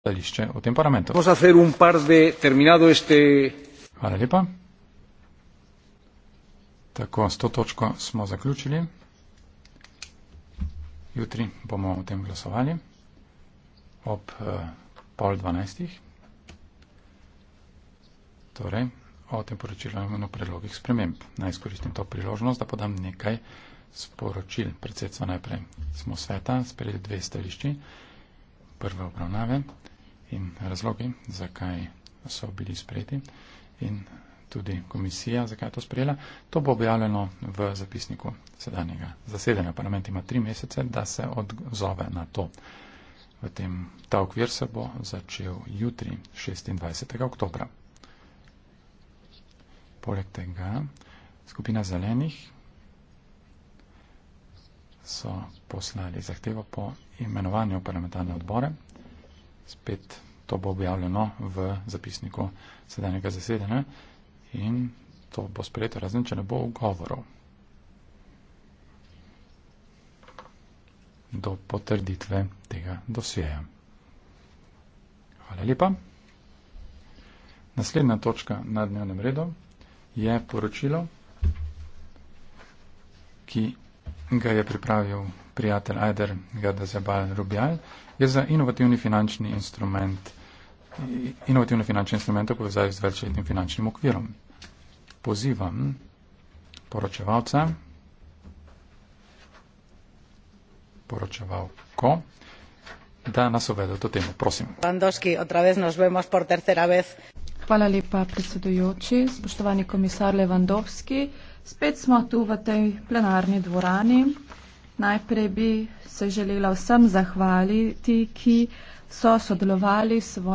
stališče o tem parlamentu. Hvala lepa. Tako, s to točko smo zaključili. Jutri bomo o tem glasovali ob eh, pol dvanajstih. Torej, o tem poročilu in o predlogih sprememb. Naj izkoristim to priložnost, da podam nekaj sporočil. Predsedstvo najprej smo sveta, sprejeli dve stališči prve obravnave in razlogi, zakaj so bili sprejeti in tudi komisija, zakaj je to sprejela. To bo objavljeno v zapisniku sedanjega zasedanja. Parlament ima tri mesece, da se odzove na to. V tem ta okvir se bo začel jutri, 26. oktobra. Poleg tega skupina zelenih so poslali zahtevo po imenovanju parlamentarne odbore. Spet to bo objavljeno v zapisniku sedanjega zasedanja in to bo sprejeto razen, če ne bo ugovorov. do potrditve tega dosjeja. Hvala lepa. Naslednja točka na dnevnem redu je poročilo, ki ga je pripravil prijatelj Ajder Gadazabal Rubjal, je za inovativni finančni instrument 2.0 inovativne finančne instrumente v povezavi z večletnim finančnim okvirom. Pozivam poročevalce, poročevalko, da nas uvede to temo. Prosim. Pandoški, Hvala lepa, predsedujoči, spoštovani komisar Levandovski. Spet smo tu v tej plenarni dvorani. Najprej bi se želela vsem zahvaliti, ki so sodelovali s svojim.